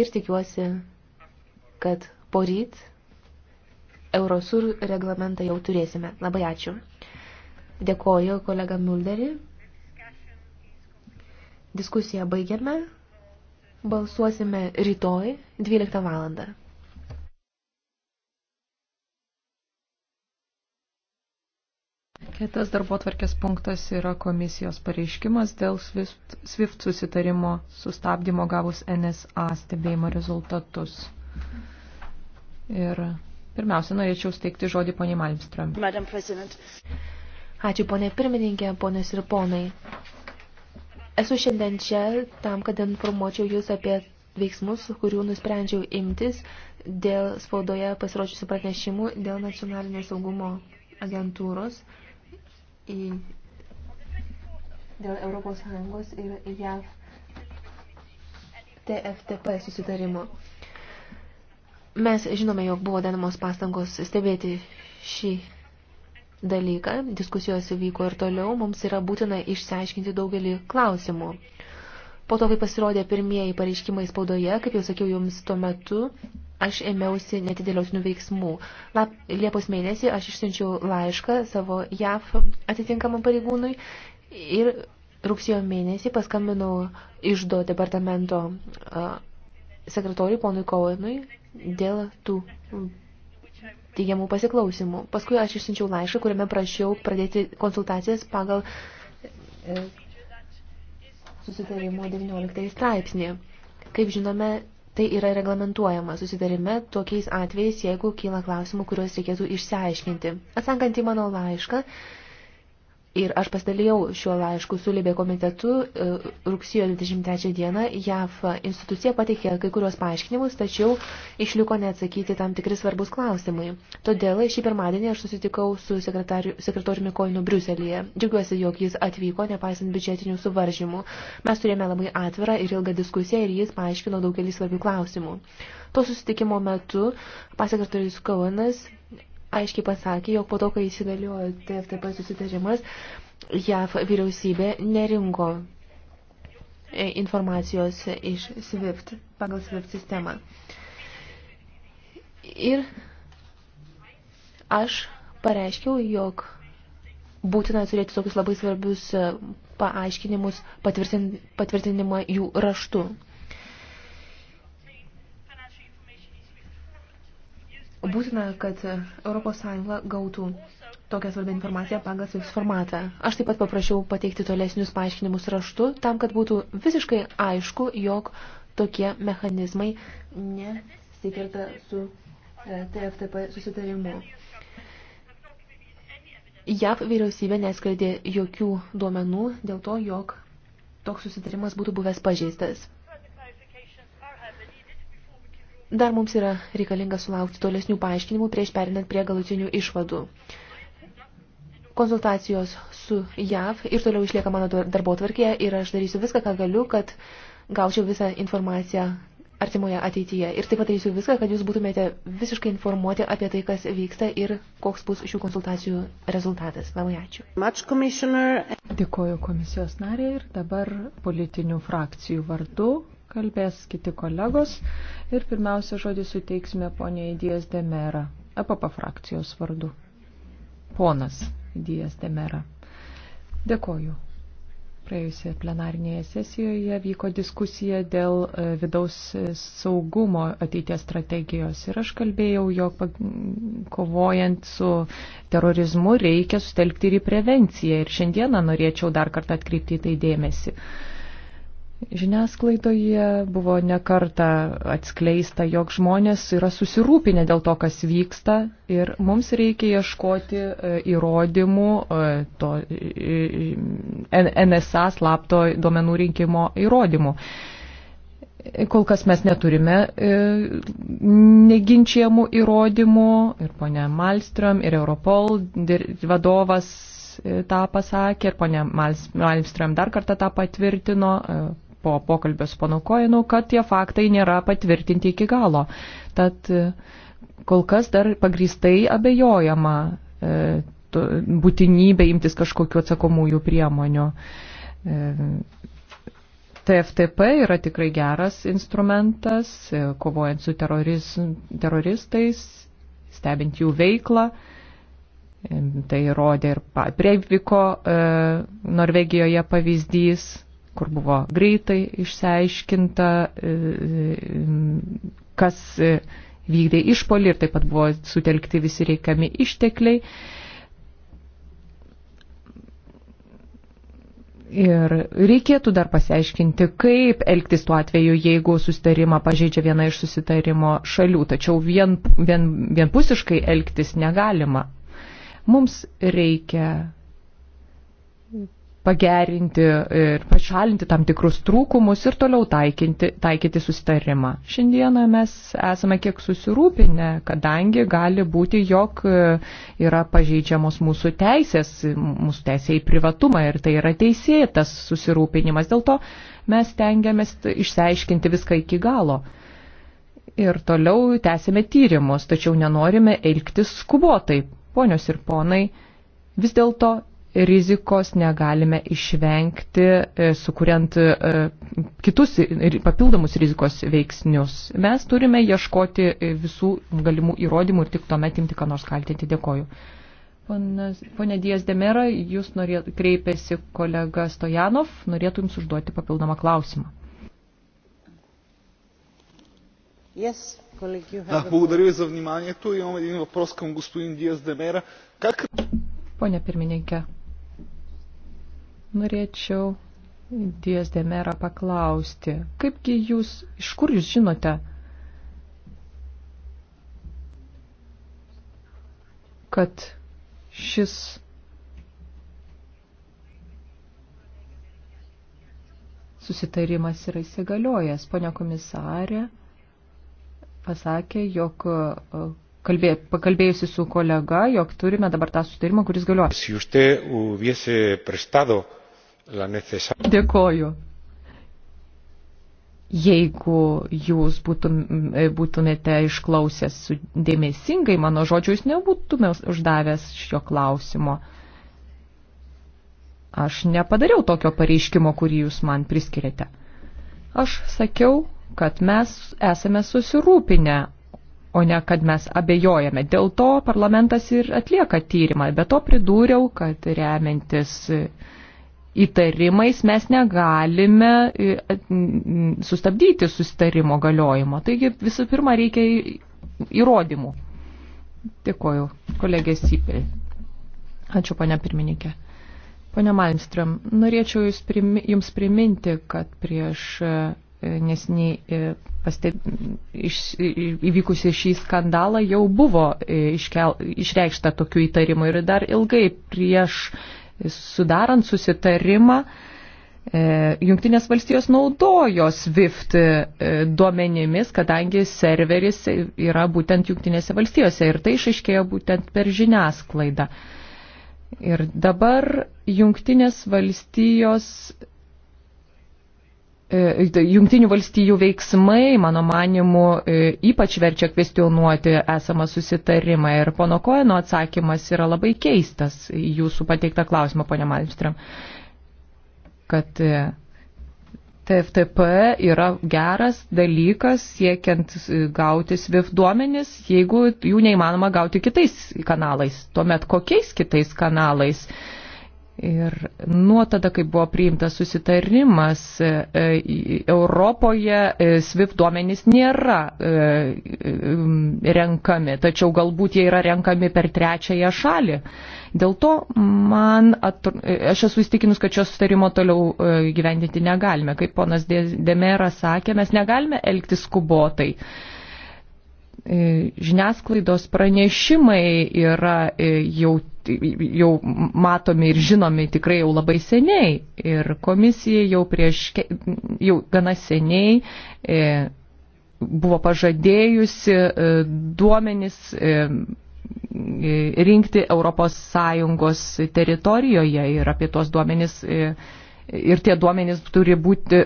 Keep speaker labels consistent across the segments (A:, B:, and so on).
A: ir tikiuosi, kad poryt Eurosur reglamentą jau turėsime. Labai ačiū. Dėkoju kolega Mulderį. Diskusiją baigiame. Balsuosime
B: rytoj 12 valandą. Kitas darbo tvarkės punktas yra komisijos pareiškimas dėl SWIFT, SWIFT susitarimo sustabdymo gavus NSA stebėjimo rezultatus. Ir pirmiausia, norėčiau steigti žodį poniai Malmström. Ačiū ponė pirmininkė, ponės ir
A: ponai. Esu šiandien čia tam, kad informuočiau jūs apie veiksmus, kurių nusprendžiau imtis dėl spaudoje pasirodžiusių pranešimų dėl nacionalinės saugumo agentūros į, dėl ES ir JAV TFTP susitarimo. Mes žinome, jog buvo denamos pastangos stebėti šį dalyką, diskusijos vyko ir toliau, mums yra būtina išsiaiškinti daugelį klausimų. Po to, kai pasirodė pirmieji pareiškimai spaudoje, kaip jau sakiau jums tuo metu, aš ėmiausi netidėliausnių veiksmų. Lap, Liepos mėnesį aš išsiunčiau laišką savo JAF atitinkamam pareigūnui ir rugsėjo mėnesį paskambinau išdo departamento sekretoriui ponui Kovenui dėl tų teigiamų pasiklausimų. Paskui aš išsiunčiau laišką, kuriame prašiau pradėti konsultacijas pagal e, susitarimo 19 straipsnį. Kaip žinome, Tai yra reglamentuojama susidarime tokiais atvejais, jeigu kyla klausimų, kuriuos reikėtų išsiaiškinti. Atsakant į mano laišką, Ir aš pasidalijau šiuo laišku su Libė komitetu e, rugsėjo 23 dieną. JAF institucija pateikė kai kurios paaiškinimus, tačiau išliko neatsakyti tam tikri svarbus klausimai. Todėl šį pirmadienį aš susitikau su sekretoriumi Kolinu Briuselėje. Džiugiuosi, jog jis atvyko, nepaisant biudžetinių suvaržymų. Mes turėjome labai atvirą ir ilgą diskusiją ir jis paaiškino daugelį svarbių klausimų. To susitikimo metu pasekretorius Kovenas aiškiai pasakė, jog po to, kai įsigaliojo TFTP susitarimas, JAF vyriausybė nerinko e, informacijos iš SWIFT, pagal SWIFT sistemą. Ir aš pareiškiau, jog būtina turėti tokius labai svarbius e, paaiškinimus patvirtinimą jų raštu. būtina, kad ES gautų tokią svarbią informaciją pagal SWIFT formatą. Aš taip pat paprašiau pateikti tolesnius paaiškinimus raštu, tam, kad būtų visiškai aišku, jog tokie mechanizmai nesikerta su e, TFTP susitarimu. JAV vyriausybė neskleidė jokių duomenų dėl to, jog toks susitarimas būtų buvęs pažeistas. Dar mums yra reikalinga sulaukti tolesnių paaiškinimų prieš perinant prie galutinių išvadų. Konsultacijos su JAV ir toliau išlieka mano darbo tvarkėje ir aš darysiu viską, ką galiu, kad gaučiau visą informaciją artimoje ateityje. Ir taip padarysiu viską, kad jūs būtumėte visiškai informuoti apie tai, kas vyksta ir koks bus šių konsultacijų rezultatas. Labai ačiū.
B: Dėkoju komisijos narė ir dabar politinių frakcijų vardu kalbės kiti kolegos ir pirmiausia žodį suteiksime poniai Dijas Demera, EPP frakcijos vardu. Ponas Dijas Demera. Dėkoju. Praėjusioje plenarinėje sesijoje vyko diskusija dėl e, vidaus e, saugumo ateities strategijos ir aš kalbėjau, jog kovojant su terorizmu reikia sutelkti ir į prevenciją ir šiandieną norėčiau dar kartą atkreipti į tai dėmesį. Žiniasklaidoje buvo nekarta atskleista, jog žmonės yra susirūpinę dėl to, kas vyksta ir mums reikia ieškoti e, įrodymų e, to e, NSA slapto duomenų rinkimo įrodymų. Kol kas mes neturime neginčiamų įrodymų ir ponia Malstrom ir Europol vadovas tą pasakė ir ponia Malmström dar kartą tą patvirtino po pokalbio su panu Koinu, kad tie faktai nėra patvirtinti iki galo. Tad e, kol kas dar pagristai abejojama e, būtinybė imtis kažkokiu atsakomųjų priemonių. E, TFTP yra tikrai geras instrumentas, kovojant su teroriz, teroristais, stebint jų veiklą. Tai rodė ir Breiviko Norvegijoje pavyzdys, kur buvo greitai išsiaiškinta, e, e, kas e, vykdė išpolį ir taip pat buvo sutelkti visi reikiami ištekliai. Ir reikėtų dar pasiaiškinti, kaip elgtis tuo atveju, jeigu susitarimą pažeidžia viena iš susitarimo šalių. Tačiau vien, vien, vienpusiškai elgtis negalima. Mums reikia pagerinti ir pašalinti tam tikrus trūkumus ir toliau taikinti, taikyti susitarimą. Šiandieną mes esame kiek susirūpinę, kadangi gali būti, jog yra pažeidžiamos mūsų teisės, mūsų teisė į privatumą ir tai yra teisėtas susirūpinimas. Dėl to mes tengiamės išsiaiškinti viską iki galo. Ir toliau tęsime tyrimus, tačiau nenorime elgtis skubotai. Ponios ir ponai, vis dėlto rizikos negalime išvengti, e, sukuriant e, kitus papildomus rizikos veiksnius. Mes turime ieškoti e, visų galimų įrodymų ir tik tuomet imti, ką nors kaltinti. Dėkoju. Pone Dijas Demera, jūs norėt, kreipėsi kolega Stojanov, norėtų jums užduoti papildomą klausimą. Yes. Благодаря за
A: вниманието. Имам един въпрос към господин Диас
C: Демера.
B: Как... Поня пирмininkė, Norėčiau Dies Demera paklausti, kaipgi jūs, iš kur jūs žinote, kad šis susitarimas yra įsigaliojęs. Pone komisarė pasakė, jog e, kalbė, pakalbėjusi su kolega, jog turime dabar tą sutarimą, kuris galioja. Si Dėkoju. Jeigu jūs būtum, e, būtumėte išklausęs dėmesingai mano žodžių, jūs nebūtumėte uždavęs šio klausimo. Aš nepadariau tokio pareiškimo, kurį jūs man priskiriate. Aš sakiau, kad mes esame susirūpinę, o ne kad mes abejojame. Dėl to parlamentas ir atlieka tyrimą. Be to pridūriau, kad remiantis įtarimais mes negalime e, sustabdyti susitarimo galiojimo. Taigi visų pirma reikia įrodymų. Dėkoju, kolegė Sipel. Ačiū, ponia pirmininkė. Pone Malmström, norėčiau Jums priminti, kad prieš e, nesiniai e, pasteb... iš... įvykusi šį skandalą jau buvo iškel... išreikšta tokių įtarimų ir dar ilgai prieš sudarant susitarimą, e, Junktinės valstijos naudojo SWIFT e, duomenimis, kadangi serveris yra būtent Junktinėse valstijose ir tai išaiškėjo būtent per žiniasklaidą. Ir dabar Junktinės valstijos E, jungtinių valstijų veiksmai, mano manimu, e, ypač verčia kvestionuoti esamą susitarimą ir pono Koeno atsakymas yra labai keistas jūsų pateiktą klausimą, ponia Malmström, kad e, TFTP yra geras dalykas siekiant gauti SWIFT duomenis, jeigu jų neįmanoma gauti kitais kanalais. Tuomet kokiais kitais kanalais? Ir nuo tada, kai buvo priimtas susitarimas, e, e, Europoje e, SWIFT duomenys nėra renkami, tačiau galbūt jie yra renkami per trečiąją šalį. Dėl to man, atru, aš esu įstikinus, kad šio sustarimo toliau gyvendinti negalime. Kaip ponas Demera sakė, mes negalime elgti skubotai žiniasklaidos pranešimai yra jau jau matomi ir žinomi tikrai jau labai seniai. Ir komisija jau prieš, jau gana seniai e, buvo pažadėjusi e, duomenis e, rinkti ES teritorijoje ir apie tuos duomenis ir tie duomenys turi būti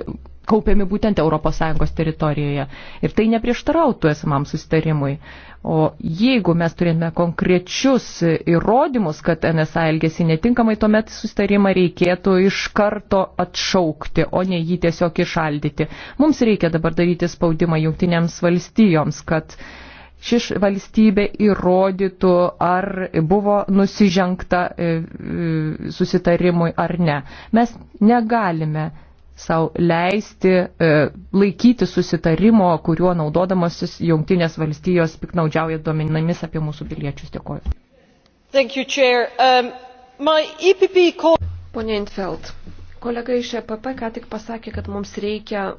B: kaupiami būtent ES teritorijoje. Ir tai neprieštarautų esamam susitarimui. O jeigu mes turime konkrečius įrodymus, kad NSA elgesi netinkamai, tuomet susitarimą reikėtų iš karto atšaukti, o ne jį tiesiog išaldyti. Mums reikia dabar daryti spaudimą jungtinėms valstijoms, kad šis valstybė įrodytų, ar buvo nusižengta e, e, susitarimui ar ne. Mes negalime savo leisti e, laikyti susitarimo, kuriuo naudodamasis jungtinės valstijos piknaudžiauja duomenimis apie mūsų piliečius. Dėkoju.
C: Thank you, Chair. Um, my EPP call... Pone Intfeld, kolega iš EPP ką tik pasakė, kad mums reikia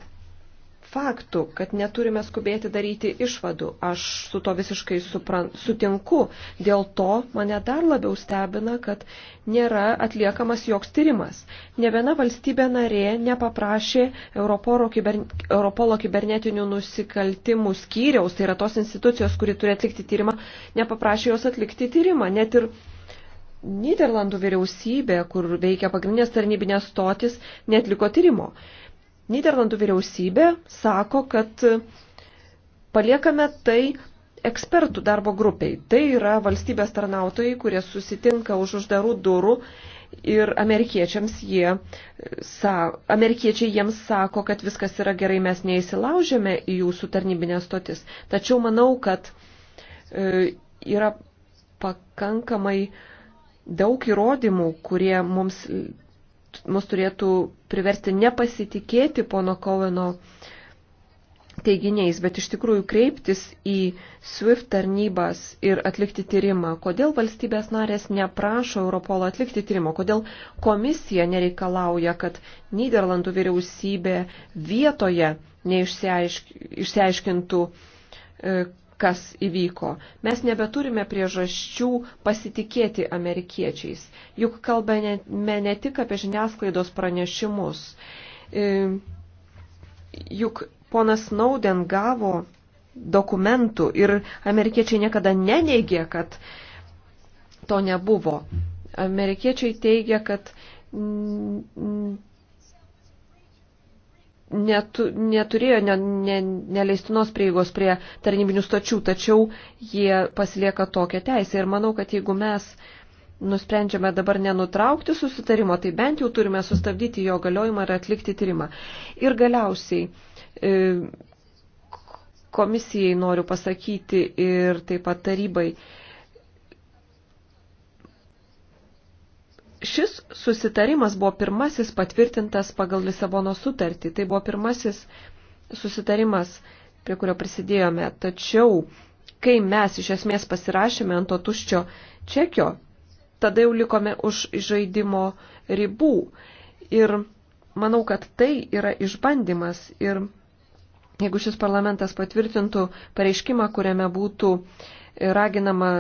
C: faktų, kad neturime skubėti daryti išvadų. Aš su to visiškai supran, sutinku. Dėl to mane dar labiau stebina, kad nėra atliekamas joks tyrimas. Ne viena valstybė narė nepaprašė Europolo, kiber, Europolo kibernetinių nusikaltimų skyriaus, tai yra tos institucijos, kuri turi atlikti tyrimą, nepaprašė jos atlikti tyrimą. Net ir Niderlandų vyriausybė, kur veikia pagrindinės tarnybinės stotis, netliko tyrimo. Niderlandų vyriausybė sako, kad paliekame tai ekspertų darbo grupiai. Tai yra valstybės tarnautojai, kurie susitinka už uždarų durų ir amerikiečiams jie, sa, amerikiečiai jiems sako, kad viskas yra gerai, mes neįsilaužėme į jūsų tarnybinės stotis. Tačiau manau, kad e, yra pakankamai daug įrodymų, kurie mums mus turėtų priversti nepasitikėti pono Koveno teiginiais, bet iš tikrųjų kreiptis į SWIFT tarnybas ir atlikti tyrimą. Kodėl valstybės narės neprašo Europolo atlikti tyrimo? Kodėl komisija nereikalauja, kad Niderlandų vyriausybė vietoje neišsiaiškintų, e, kas įvyko. Mes nebeturime priežasčių pasitikėti amerikiečiais. Juk kalbame ne tik apie žiniasklaidos pranešimus. E, juk ponas Nauden gavo dokumentų ir amerikiečiai niekada neneigė, kad to nebuvo. Amerikiečiai teigia, kad netu, neturėjo ne, ne, neleistinos prieigos prie tarnybinių stočių, tačiau jie pasilieka tokią teisę. Ir manau, kad jeigu mes nusprendžiame dabar nenutraukti susitarimo, tai bent jau turime sustabdyti jo galiojimą ir atlikti tyrimą. Ir galiausiai e, komisijai noriu pasakyti ir taip pat tarybai Šis susitarimas buvo pirmasis patvirtintas pagal Lisabono sutartį. Tai buvo pirmasis susitarimas, prie kurio prisidėjome. Tačiau, kai mes iš esmės pasirašėme ant to tuščio čekio, tada jau likome už žaidimo ribų. Ir manau, kad tai yra išbandymas. Ir jeigu šis parlamentas patvirtintų pareiškimą, kuriame būtų raginama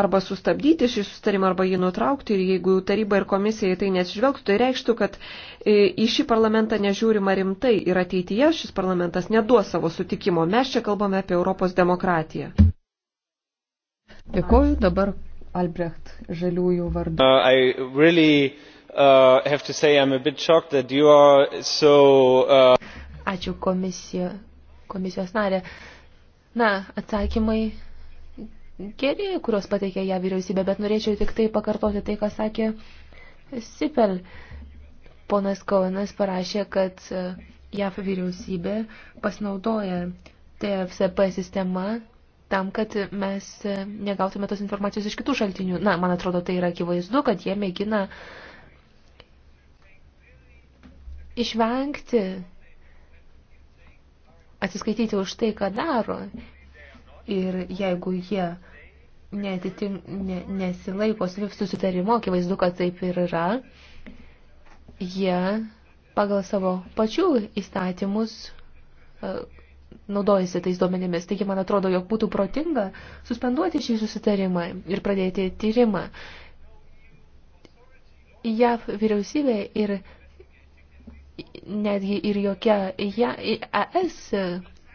C: arba sustabdyti šį sustarimą, arba jį nutraukti. Ir jeigu taryba ir komisija į tai nesižvelgtų, tai reikštų, kad e, į šį parlamentą nežiūrima rimtai ir ateityje šis parlamentas neduos savo sutikimo. Mes čia kalbame apie Europos demokratiją. Dėkoju dabar Albrecht žaliųjų vardu. Uh, really, uh, say,
B: so, uh...
A: Ačiū komisija, komisijos narė. Na, atsakymai geri, kuriuos pateikė ją vyriausybė, bet norėčiau tik tai pakartoti tai, ką sakė Sipel. Ponas Kovenas parašė, kad e, JAF vyriausybė pasinaudoja TFCP sistema tam, kad mes e, negautume tos informacijos iš kitų šaltinių. Na, man atrodo, tai yra akivaizdu, kad jie mėgina išvengti, atsiskaityti už tai, ką daro. Ir jeigu jie netitim, ne, nesilaiko SWIFT susitarimo, akivaizdu, kad taip ir yra, jie pagal savo pačių įstatymus e, naudojasi tais duomenimis. Taigi, man atrodo, jog būtų protinga suspenduoti šį susitarimą ir pradėti tyrimą. JAV vyriausybė ir netgi ir jokia ja, ES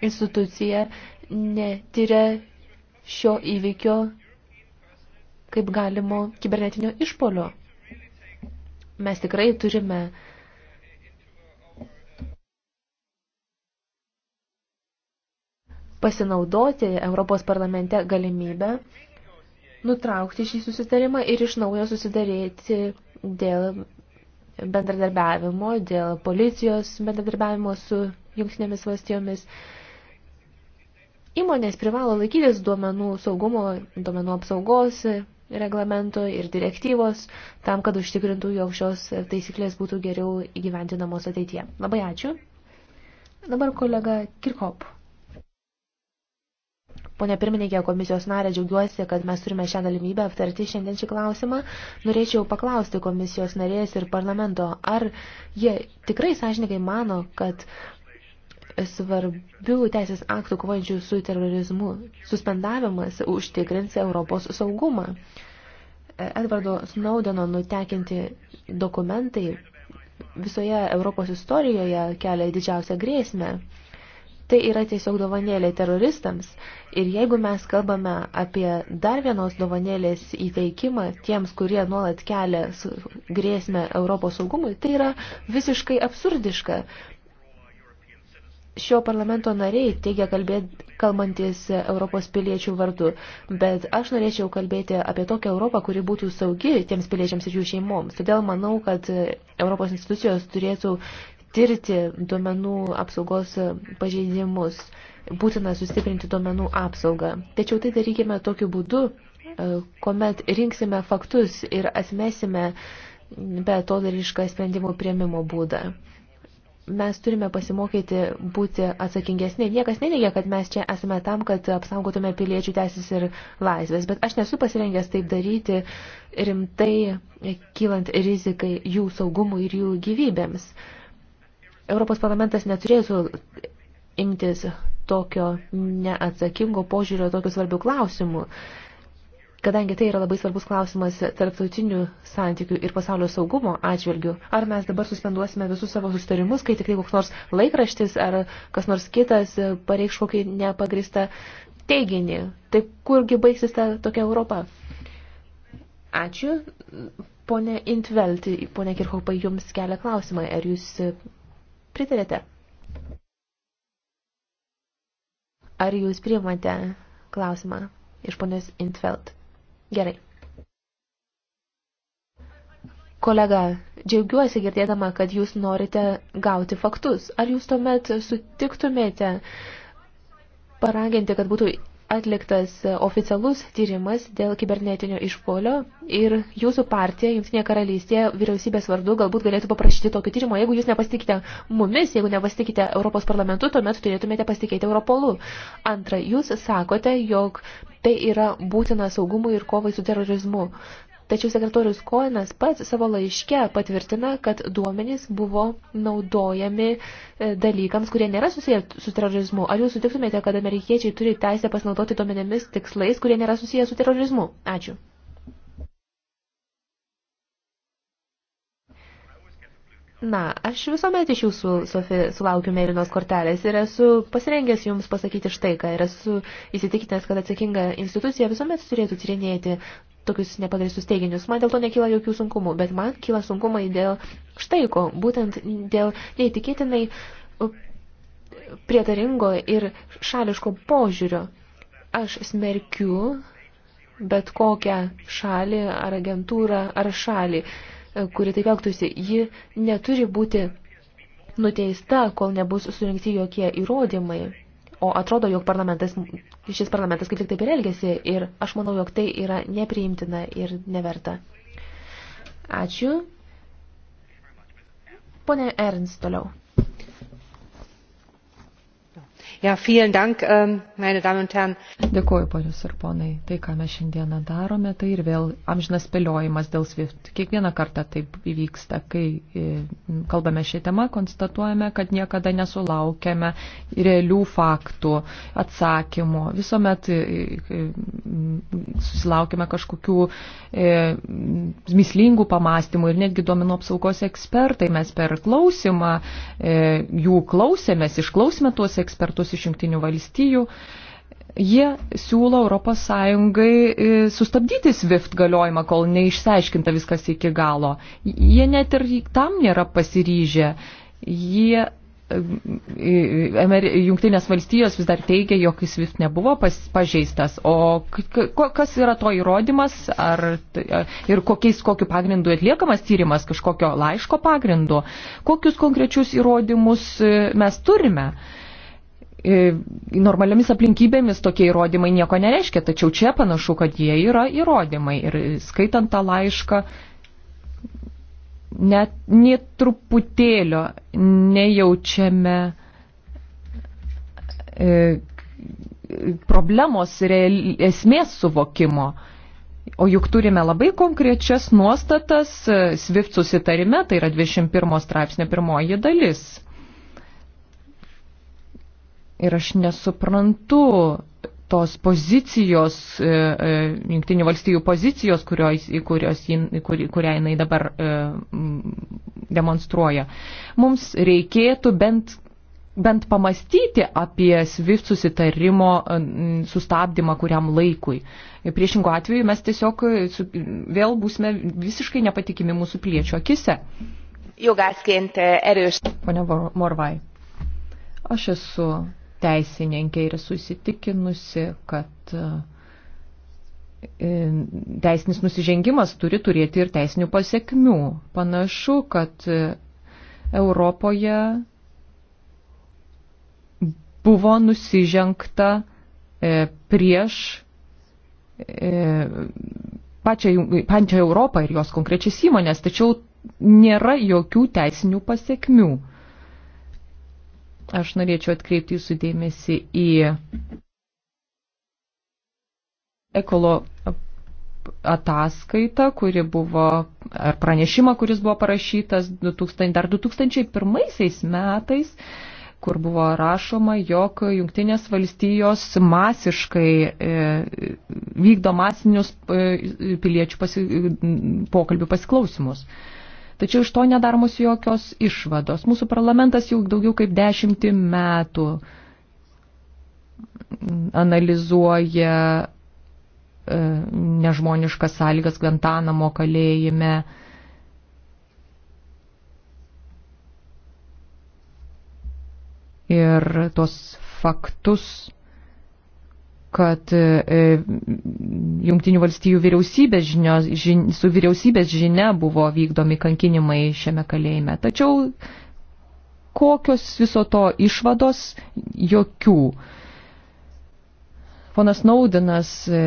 A: institucija netiria šio įvykio kaip galimo kibernetinio išpolio. Mes tikrai turime pasinaudoti Europos parlamente galimybę nutraukti šį susitarimą ir iš naujo susidarėti dėl bendradarbiavimo, dėl policijos bendradarbiavimo su jungtinėmis valstijomis. Įmonės privalo laikytis duomenų saugumo, duomenų apsaugos reglamento ir direktyvos, tam, kad užtikrintų, jog šios taisyklės būtų geriau įgyventinamos ateityje. Labai ačiū. Dabar kolega Kirkop. Pone pirmininkė, komisijos narė, džiaugiuosi, kad mes turime šią galimybę aptarti šiandien šį klausimą. Norėčiau paklausti komisijos narės ir parlamento, ar jie tikrai sąžininkai mano, kad svarbių teisės aktų kovojančių su terorizmu suspendavimas užtikrins Europos saugumą. Edvardo Snaudeno nutekinti dokumentai visoje Europos istorijoje kelia didžiausią grėsmę. Tai yra tiesiog dovanėlė teroristams. Ir jeigu mes kalbame apie dar vienos dovanėlės įteikimą tiems, kurie nuolat kelia grėsmę Europos saugumui, tai yra visiškai absurdiška šio parlamento nariai teigia kalbėt, kalbantis Europos piliečių vardu, bet aš norėčiau kalbėti apie tokią Europą, kuri būtų saugi tiems piliečiams ir jų šeimoms. Todėl manau, kad Europos institucijos turėtų tirti duomenų apsaugos pažeidimus, būtina sustiprinti duomenų apsaugą. Tačiau tai darykime tokiu būdu, kuomet rinksime faktus ir atmesime be to darišką sprendimų prieimimo būdą mes turime pasimokyti būti atsakingesni. Niekas neneigia, kad mes čia esame tam, kad apsaugotume piliečių teisės ir laisvės, bet aš nesu pasirengęs taip daryti rimtai, kylant rizikai jų saugumui ir jų gyvybėms. Europos parlamentas neturėtų imtis tokio neatsakingo požiūrio, tokių svarbių klausimų kadangi tai yra labai svarbus klausimas tarptautinių santykių ir pasaulio saugumo atžvilgių, ar mes dabar suspenduosime visus savo sustarimus, kai tik tai koks nors laikraštis ar kas nors kitas pareikš kokį nepagristą teiginį. Tai kurgi baigsis ta tokia Europa? Ačiū. Pone Intvelt, pone Kirchopai, jums kelia klausimą, ar jūs pritarėte? Ar jūs priimate klausimą iš ponios Intvelt? Gerai. Kolega, džiaugiuosi girdėdama, kad jūs norite gauti faktus. Ar jūs tuomet sutiktumėte paraginti, kad būtų atliktas oficialus tyrimas dėl kibernetinio išpolio ir jūsų partija, Jungtinė karalystė, vyriausybės vardu galbūt galėtų paprašyti tokio tyrimo. Jeigu jūs nepasitikite mumis, jeigu nepasitikite Europos parlamentu, tuomet turėtumėte pasitikėti Europolu. Antra, jūs sakote, jog tai yra būtina saugumui ir kovai su terorizmu. Tačiau sekretorius Koenas pats savo laiške patvirtina, kad duomenys buvo naudojami e, dalykams, kurie nėra susiję su terorizmu. Ar jūs sutiktumėte, kad amerikiečiai turi teisę pasinaudoti duomenėmis tikslais, kurie nėra susiję su terorizmu? Ačiū. Na, aš visuomet iš jūsų, Sofi, sulaukiu mėlynos kortelės ir esu pasirengęs jums pasakyti štai ką. Ir esu įsitikinęs, kad atsakinga institucija visuomet turėtų tyrinėti tokius nepagristus teiginius. Man dėl to nekyla jokių sunkumų, bet man kyla sunkumai dėl štai ko, būtent dėl neįtikėtinai uh, prietaringo ir šališko požiūrio. Aš smerkiu bet kokią šalį ar agentūrą ar šalį kuri taip elgtųsi. Ji neturi būti nuteista, kol nebus surinkti jokie įrodymai. O atrodo, jog parlamentas, šis parlamentas kaip tik taip ir elgėsi ir aš manau, jog tai yra nepriimtina ir neverta. Ačiū. Pone Ernst toliau. Ja, Dank, ähm,
B: Dėkuoju, ponius ir ponai. Tai, ką mes šiandieną darome, tai ir vėl amžinas spėliojimas dėl SWIFT. Kiekvieną kartą taip įvyksta, kai e, kalbame šią temą, konstatuojame, kad niekada nesulaukiame realių faktų, atsakymų. Visuomet e, e, susilaukime kažkokių mislingų pamastymų ir netgi duomenų apsaugos ekspertai. Mes per klausimą jų klausėmės, išklausėme tuos ekspertus ambasadorius iš jungtinių valstijų, jie siūlo ES e, sustabdyti SWIFT galiojimą, kol neišsiaiškinta viskas iki galo. Jie net ir tam nėra pasiryžę. Jie e, e, Junktinės valstijos vis dar teigia, jog SWIFT nebuvo pas, pažeistas. O kas yra to įrodymas ar, ir kokiais, kokiu pagrindu atliekamas tyrimas, kažkokio laiško pagrindu? Kokius konkrečius įrodymus mes turime? Uh, E, normaliomis aplinkybėmis tokie įrodymai nieko nereiškia, tačiau čia panašu, kad jie yra įrodymai. Ir skaitant tą laišką, net nie truputėlio nejaučiame e, problemos real, esmės suvokimo. O juk turime labai konkrečias nuostatas e, SWIFT susitarime, tai yra 21 straipsnio pirmoji dalis Ir aš nesuprantu tos pozicijos, e, e, jungtinių valstybių pozicijos, kurios, kurios, kur, kurią jinai dabar e, demonstruoja. Mums reikėtų bent, bent pamastyti apie SWIFT susitarimo sustabdymą kuriam laikui. Priešingų atveju mes tiesiog vėl būsime visiškai nepatikimi mūsų piliečių akise.
A: Jogászként erős.
B: Pone Morvai, aš esu teisininkė ir esu įsitikinusi, kad e, teisinis nusižengimas turi turėti ir teisinių pasiekmių. Panašu, kad e, Europoje buvo nusižengta e, prieš pačią, pačią Europą ir jos konkrečias įmonės, tačiau nėra jokių teisinių pasiekmių. Aš norėčiau atkreipti jūsų dėmesį į ekolo ataskaitą, kuri buvo, ar pranešimą, kuris buvo parašytas 2000, dar 2001 metais, kur buvo rašoma, jog jungtinės valstijos masiškai e, vykdo masinius e, piliečių pasi, pokalbių pasiklausimus. E, Tačiau iš to nedaromos jokios išvados. Mūsų parlamentas jau daugiau kaip dešimtį metų analizuoja e, nežmoniškas sąlygas Gantanamo kalėjime. Ir tos faktus kad e, e, Junktinių valstybių vyriausybės žinios, žin, su vyriausybės žinia buvo vykdomi kankinimai šiame kalėjime. Tačiau kokios viso to išvados? Jokių. Ponas Naudinas e,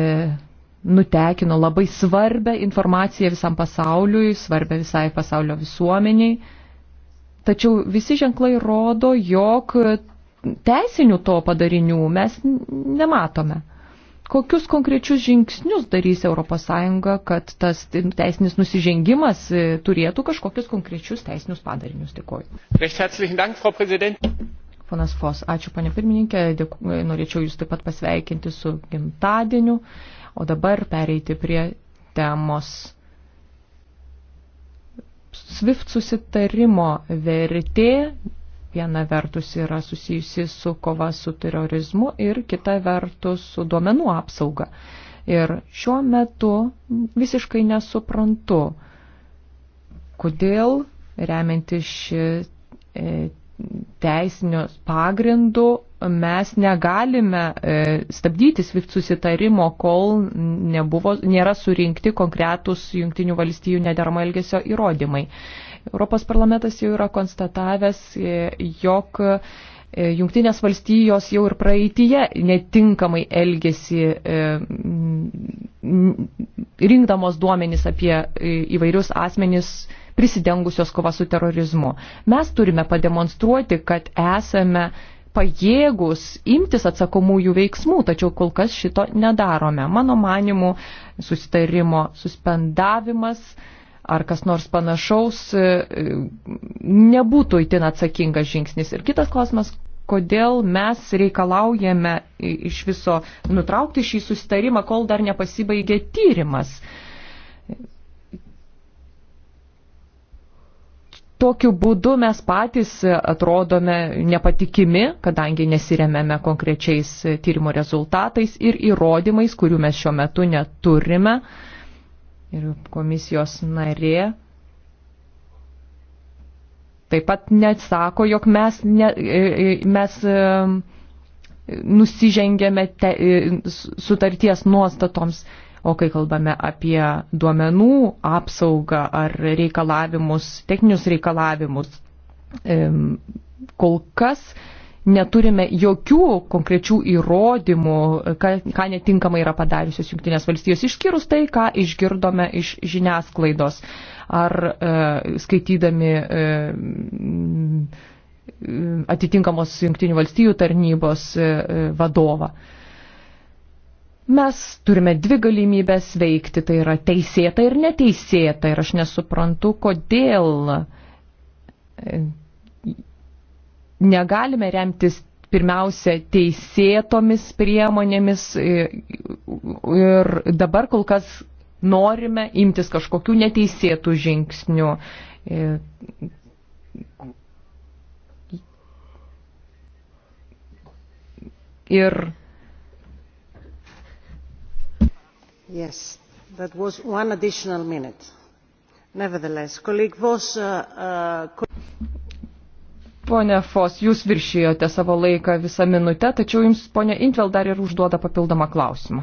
B: nutekino labai svarbę informaciją visam pasauliui, svarbę visai pasaulio visuomeniai. Tačiau visi ženklai rodo, jog teisinių to padarinių mes nematome. Kokius konkrečius žingsnius darys ES, kad tas teisinis nusižengimas e, turėtų kažkokius konkrečius teisinius padarinius? Dėkuoju. Ponas Fos, ačiū, panė pirmininkė, dėku, e, norėčiau jūs taip pat pasveikinti su gimtadieniu, o dabar pereiti prie temos. SWIFT susitarimo vertė viena vertus yra susijusi su kova su terorizmu ir kita vertus su duomenų apsauga. Ir šiuo metu visiškai nesuprantu, kodėl remianti šį e, teisinių pagrindų mes negalime e, stabdyti SWIFT susitarimo, kol nebuvo, nėra surinkti konkretus jungtinių valstybių nederamo elgesio įrodymai. Europos parlamentas jau yra konstatavęs, jog e, Jungtinės valstijos jau ir praeitie netinkamai elgesi e, rinkdamos duomenys apie e, įvairius asmenys prisidengusios kova su terorizmu. Mes turime pademonstruoti, kad esame pajėgus imtis atsakomųjų veiksmų, tačiau kol kas šito nedarome. Mano manimu, susitarimo suspendavimas ar kas nors panašaus e, nebūtų įtin atsakingas žingsnis. Ir kitas klausimas, kodėl mes reikalaujame iš viso nutraukti šį susitarimą, kol dar nepasibaigė tyrimas. Tokiu būdu mes patys atrodome nepatikimi, kadangi nesiremėme konkrečiais tyrimo rezultatais ir įrodymais, kurių mes šiuo metu neturime. Uh, ir komisijos narė taip pat neatsako, jog mes, ne, e, e, mes e, nusižengėme te, sutarties nuostatoms, o kai kalbame apie duomenų apsaugą ar reikalavimus, techninius reikalavimus, kol kas neturime jokių konkrečių įrodymų, ką, ką netinkamai yra padariusios Junktinės valstijos, išskyrus tai, ką išgirdome iš žiniasklaidos ar e, skaitydami e, atitinkamos Junktinių valstijų tarnybos e, e, vadovą. Mes turime dvi galimybės veikti, tai yra teisėta ir neteisėta ir aš nesuprantu, kodėl e, negalime remtis pirmiausia teisėtomis priemonėmis e, ir dabar kol kas norime imtis kažkokių neteisėtų žingsnių. E, ir
C: yes, that was one additional minute. Nevertheless, colleague Voss, uh, uh,
B: Pone Fos, jūs viršijote savo laiką visą minutę, tačiau jums ponė Intvel dar ir užduoda papildomą klausimą.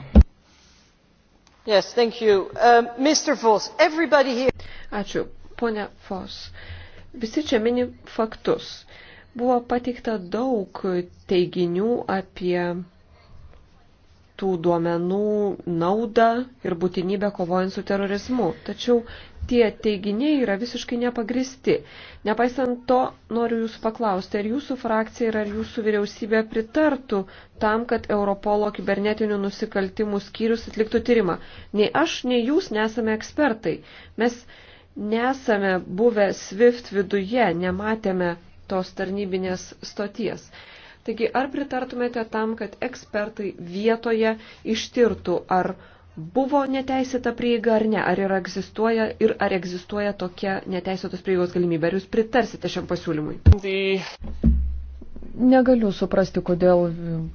C: Yes, um, Foss, here... Ačiū, ponė Fos. Visi čia mini faktus. Buvo pateikta daug teiginių apie tų duomenų naudą ir būtinybę kovojant su terorizmu. Tačiau tie teiginiai yra visiškai nepagristi. Nepaisant to, noriu jūsų paklausti, ar jūsų frakcija ir ar jūsų vyriausybė pritartų tam, kad Europolo kibernetinių nusikaltimų skyrius atliktų tyrimą. Nei aš, nei jūs nesame ekspertai. Mes nesame buvę SWIFT viduje, nematėme tos tarnybinės stoties. Taigi, ar pritartumėte tam, kad ekspertai vietoje ištirtų, ar buvo neteisėta prieiga ar ne, ar egzistuoja ir ar egzistuoja tokia neteisėtos prieigos galimybė, ar jūs pritarsite šiam pasiūlymui?
B: Negaliu suprasti, kodėl,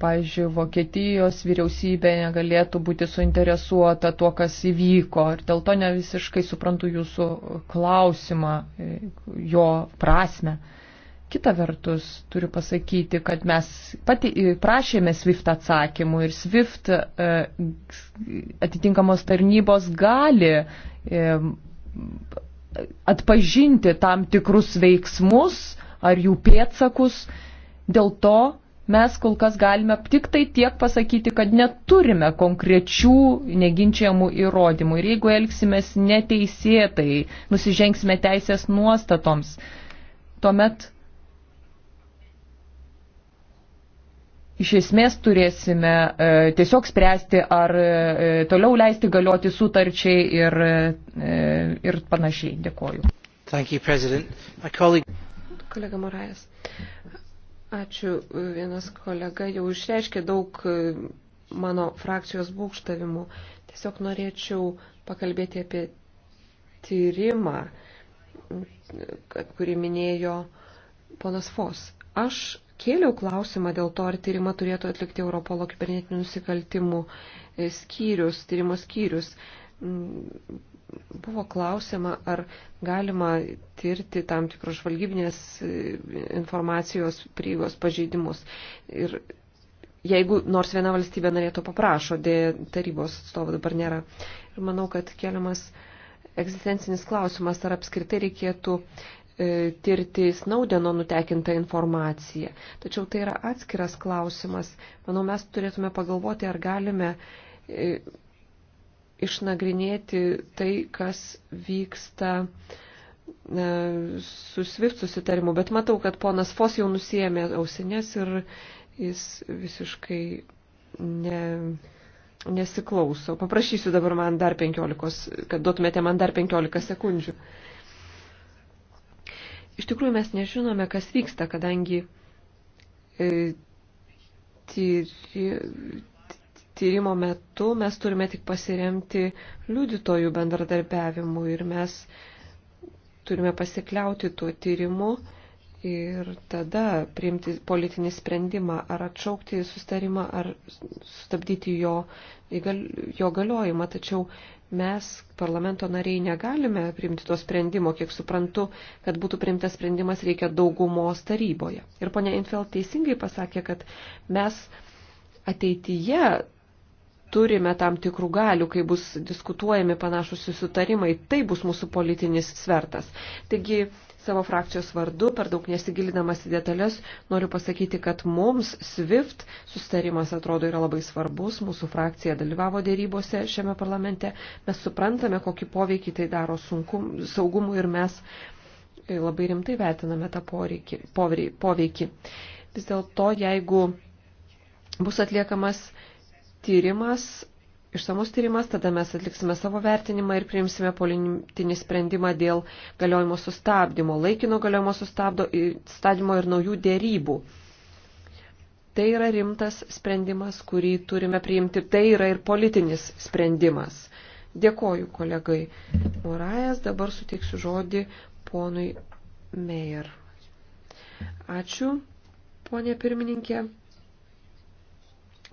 B: pavyzdžiui, Vokietijos vyriausybė negalėtų būti suinteresuota tuo, kas įvyko. Ir dėl to ne visiškai suprantu jūsų klausimą, jo prasme. Kita vertus, turiu pasakyti, kad mes pati e, prašėme SWIFT atsakymų ir SWIFT e, atitinkamos tarnybos gali e, atpažinti tam tikrus veiksmus ar jų pėtsakus. Dėl to mes kol kas galime tik tai tiek pasakyti, kad neturime konkrečių neginčiamų įrodymų. Ir jeigu elgsimės neteisėtai, nusižengsime teisės nuostatoms, tuomet iš esmės turėsime e, tiesiog spręsti, ar e, e, toliau leisti galioti sutarčiai ir, ir panašiai. Dėkoju. Thank you, President. My colleague...
C: Kolega Morajas. Ačiū. Vienas kolega jau išreiškė daug mano frakcijos būkštavimų. Tiesiog norėčiau pakalbėti apie tyrimą, kurį minėjo ponas Fos. Aš kėliau klausimą dėl to, ar tyrimą turėtų atlikti Europolo kibernetinių nusikaltimų e, skyrius, tyrimo skyrius. Mm, buvo klausima, ar galima tirti tam tikros žvalgybinės e, informacijos prieigos pažeidimus. Ir jeigu nors viena valstybė norėtų paprašo, dėja tarybos atstovų dabar nėra. Ir manau, kad keliamas egzistencinis klausimas, ar apskritai reikėtų E, tirti Snaudeno nutekintą informaciją. Tačiau tai yra atskiras klausimas. Manau, mes turėtume pagalvoti, ar galime e, išnagrinėti tai, kas vyksta e, su SWIFT susitarimu. Bet matau, kad ponas Fos jau nusijėmė ausinės ir jis visiškai ne, nesiklauso. Paprašysiu dabar man dar 15, kad duotumėte man dar 15 sekundžių. Iš tikrųjų mes nežinome, kas vyksta, kadangi e, tyri, tyrimo metu mes turime tik pasiremti liudytojų bendradarbiavimu ir mes turime pasikliauti tuo tyrimu ir tada priimti politinį sprendimą, ar atšaukti sustarimą, ar sustabdyti jo, jo galiojimą. Tačiau mes, parlamento nariai, negalime priimti to sprendimo, kiek suprantu, kad būtų priimtas sprendimas reikia daugumos taryboje. Ir ponia Infeld teisingai pasakė, kad mes ateityje turime tam tikrų galių, kai bus diskutuojami panašus susitarimai, tai bus mūsų politinis svertas. Taigi Savo frakcijos vardu, per daug nesigilinamas į detalės, noriu pasakyti, kad mums SWIFT sustarimas atrodo yra labai svarbus, mūsų frakcija dalyvavo dėrybose šiame parlamente, mes suprantame, kokį poveikį tai daro sunkum, saugumui ir mes e, labai rimtai vertiname tą poreikį, poveikį. Vis dėlto, jeigu bus atliekamas tyrimas, išsamus tyrimas, tada mes atliksime savo vertinimą ir priimsime politinį sprendimą dėl galiojimo sustabdymo, laikino galiojimo sustabdymo ir naujų dėrybų. Tai yra rimtas sprendimas, kurį turime priimti. Tai yra ir politinis sprendimas. Dėkoju, kolegai Morajas. Dabar suteiksiu žodį ponui Meijer. Ačiū, ponė pirmininkė.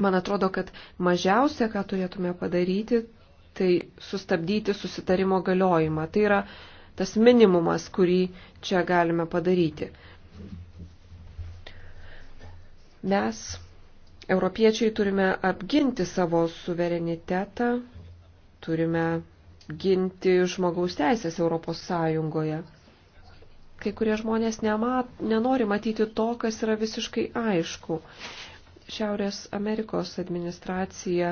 C: Man atrodo, kad mažiausia, ką turėtume padaryti, tai sustabdyti susitarimo galiojimą. Tai yra tas minimumas, kurį čia galime padaryti. Mes, europiečiai, turime apginti savo suverenitetą, turime ginti žmogaus teisės Europos Sąjungoje. Kai kurie žmonės nema, nenori matyti to, kas yra visiškai aišku. Šiaurės Amerikos administracija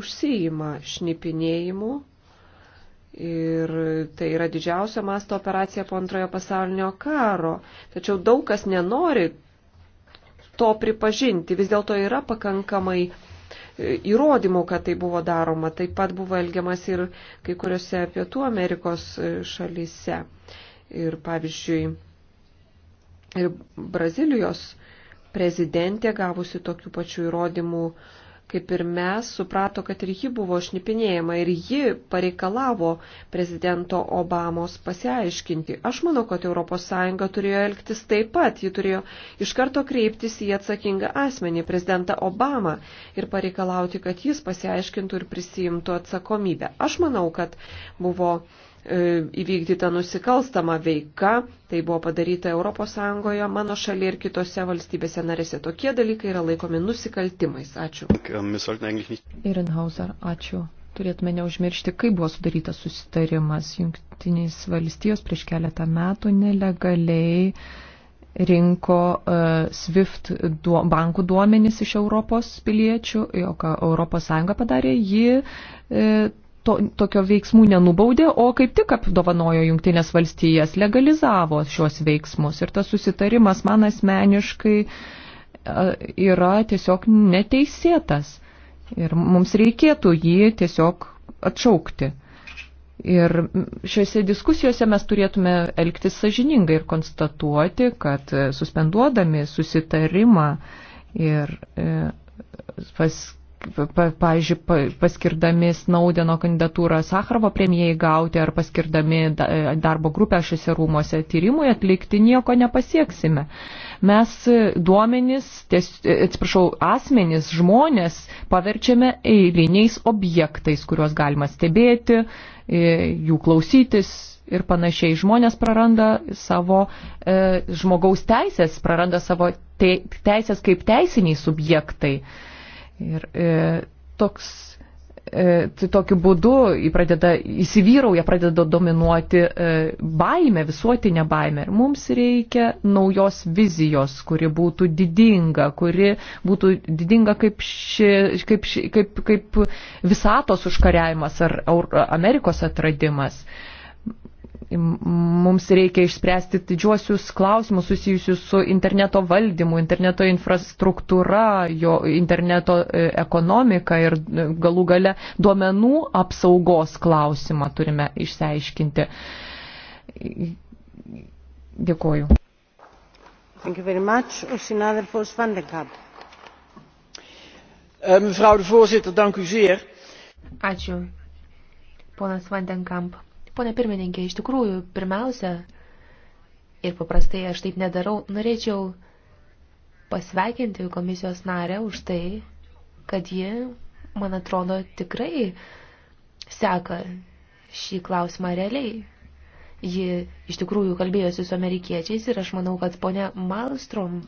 C: užsijima šnipinėjimu ir tai yra didžiausia masto operacija po antrojo pasaulinio karo. Tačiau daug kas nenori to pripažinti. Vis dėlto yra pakankamai e, įrodymų, kad tai buvo daroma. Taip pat buvo elgiamas ir kai kuriuose Pietų Amerikos e, šalyse. Ir pavyzdžiui, ir Brazilijos prezidentė, gavusi tokių pačių įrodymų, kaip ir mes, suprato, kad ir ji buvo šnipinėjama ir ji pareikalavo prezidento Obamos pasiaiškinti. Aš manau, kad ES turėjo elgtis taip pat, ji turėjo iš karto kreiptis į atsakingą asmenį, prezidentą Obamą, ir pareikalauti, kad jis pasiaiškintų ir prisijimtų atsakomybę. Aš manau, kad buvo E, įvykdyta nusikalstama veika, tai buvo padaryta ES, mano šalyje ir kitose valstybėse narėse. Tokie dalykai yra laikomi nusikaltimais. Ačiū. Ähm,
B: Irenhauser, ačiū. Turėtume neužmiršti, kaip buvo sudarytas susitarimas. Junktinės valstijos prieš keletą metų nelegaliai rinko uh, SWIFT duo, bankų duomenys iš Europos piliečių, jo ką ES padarė, ji uh, e, to, tokio veiksmų nenubaudė, o kaip tik apdovanojo Junktinės valstijas, legalizavo šios veiksmus. Ir tas susitarimas man asmeniškai e, yra tiesiog neteisėtas. Ir mums reikėtų jį tiesiog atšaukti. Ir šiuose diskusijose mes turėtume elgtis sažiningai ir konstatuoti, kad e, suspenduodami susitarimą ir e, pas, pavyzdžiui, paskirdami Snaudeno kandidatūrą Sakarovo premijai gauti ar paskirdami e, darbo grupę šiuose rūmose tyrimui atlikti, nieko nepasieksime. Mes duomenis, ties, e, atsiprašau, asmenis, žmonės paverčiame eiliniais objektais, kuriuos galima stebėti, e, jų klausytis ir panašiai. Žmonės praranda savo e, žmogaus teisės, praranda savo te, teisės kaip teisiniai subjektai. E, Ir e, toks, e, tai tokiu būdu pradeda, įsivyrauja, pradeda dominuoti e, baime, visuotinė baime. Ir mums reikia naujos vizijos, kuri būtų didinga, kuri būtų didinga kaip, ši, kaip, ši, kaip, kaip visatos užkariavimas ar, ar Amerikos atradimas mums reikia išspręsti didžiuosius klausimus susijusius su interneto valdymu, interneto infrastruktūra, jo interneto e, ekonomika ir e, galų gale duomenų apsaugos klausimą turime išsiaiškinti. Dėkuoju. Eh,
C: mevrouw de voorzitter, dank u zeer. Ačiū.
A: Ponas Vandenkamp. Pone pirmininkė, iš tikrųjų, pirmiausia, ir paprastai aš taip nedarau, norėčiau pasveikinti komisijos narę už tai, kad ji, man atrodo, tikrai seka šį klausimą realiai. Ji iš tikrųjų kalbėjosi su amerikiečiais ir aš manau, kad ponia Malstrom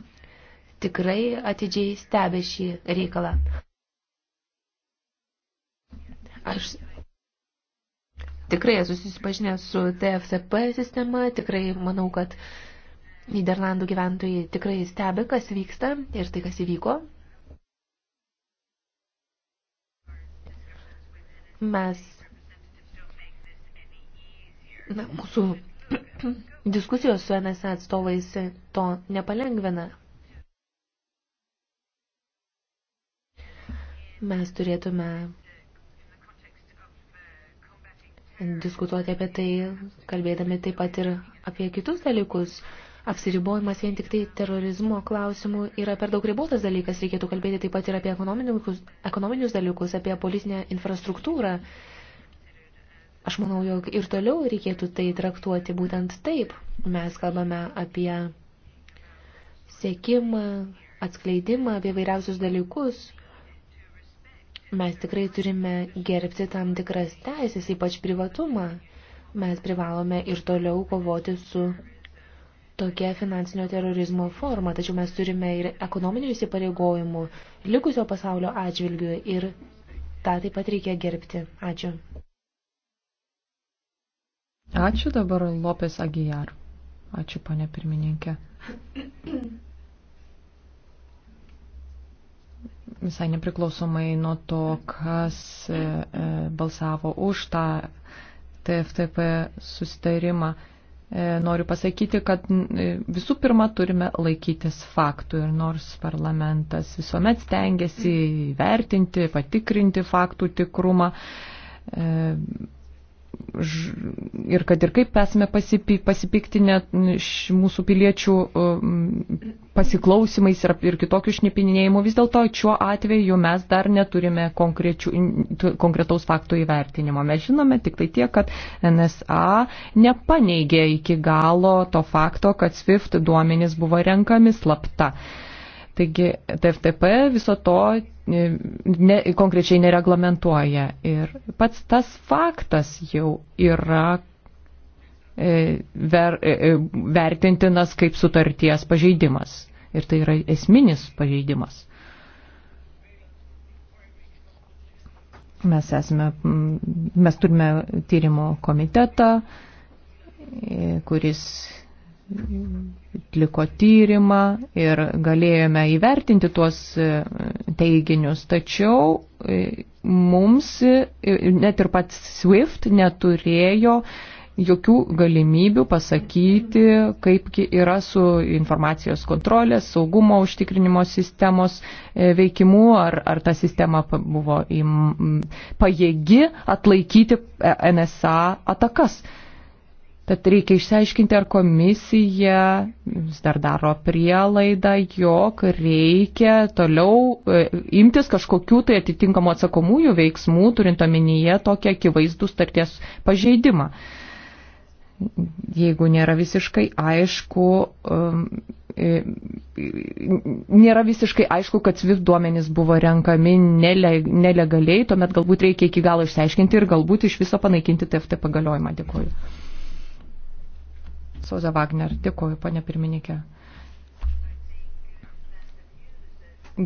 A: tikrai atidžiai stebė šį reikalą. Aš Tikrai esu susipažinęs su TFCP sistema, tikrai manau, kad Niderlandų gyventojai tikrai stebi, kas vyksta ir tai, kas įvyko. Mes, na, mūsų diskusijos su NSA atstovais to nepalengvina. Mes turėtume diskutuoti apie tai, kalbėdami taip pat ir apie kitus dalykus. Apsiribojimas vien tik tai terorizmo klausimų yra per daug ribotas dalykas. Reikėtų kalbėti taip pat ir apie ekonominius, ekonominius dalykus, apie politinę infrastruktūrą. Aš manau, jog ir toliau reikėtų tai traktuoti būtent taip. Mes kalbame apie sėkimą, atskleidimą, apie vairiausius dalykus. Mes tikrai turime gerbti tam tikras teisės, ypač privatumą. Mes privalome ir toliau kovoti su tokia finansinio terorizmo forma, tačiau mes turime ir ekonominių įsipareigojimų likusio pasaulio atžvilgių ir tą taip pat reikia gerbti. Ačiū.
B: Ačiū dabar Lopės Agijar. Ačiū, ponė pirmininkė. visai nepriklausomai nuo to, kas e, e, balsavo už tą TFTP susitarimą. E, noriu pasakyti, kad visų pirma turime laikytis faktų ir nors parlamentas visuomet stengiasi vertinti, patikrinti faktų tikrumą, ir kad ir kaip esame pasipiktinę mūsų piliečių um, pasiklausimais ir, ir kitokių šnipinėjimų, vis dėlto šiuo atveju mes dar neturime konkretaus faktų įvertinimo. Mes žinome tik tai tiek, kad NSA nepaneigė iki galo to fakto, kad SWIFT duomenys buvo renkami slapta. Uh, Taigi TFTP viso to e, ne, konkrečiai nereglamentuoja. Ir pats tas faktas jau yra e, ver, e, vertintinas kaip sutarties pažeidimas. Ir tai yra esminis pažeidimas. Mes, esame, mes turime tyrimo komitetą, kuris atliko tyrimą ir galėjome įvertinti tuos e, teiginius, tačiau e, mums e, net ir pats SWIFT neturėjo jokių galimybių pasakyti, kaipgi yra su informacijos kontrolės, saugumo užtikrinimo sistemos veikimu, ar, ar ta sistema buvo im, pajėgi atlaikyti NSA atakas. Tad reikia išsiaiškinti, ar komisija vis dar daro prielaidą, jog reikia toliau e, imtis kažkokių tai atitinkamų atsakomųjų veiksmų, turint omenyje tokį akivaizdų starties pažeidimą. Jeigu nėra visiškai aišku, um, e, nėra visiškai aišku, kad SWIFT duomenys buvo renkami nelegaliai, tuomet galbūt reikia iki galo išsiaiškinti ir galbūt iš viso panaikinti TFT pagaliojimą. Dėkuoju. Sauza Wagner. Dėkuoju, ponė pirmininkė.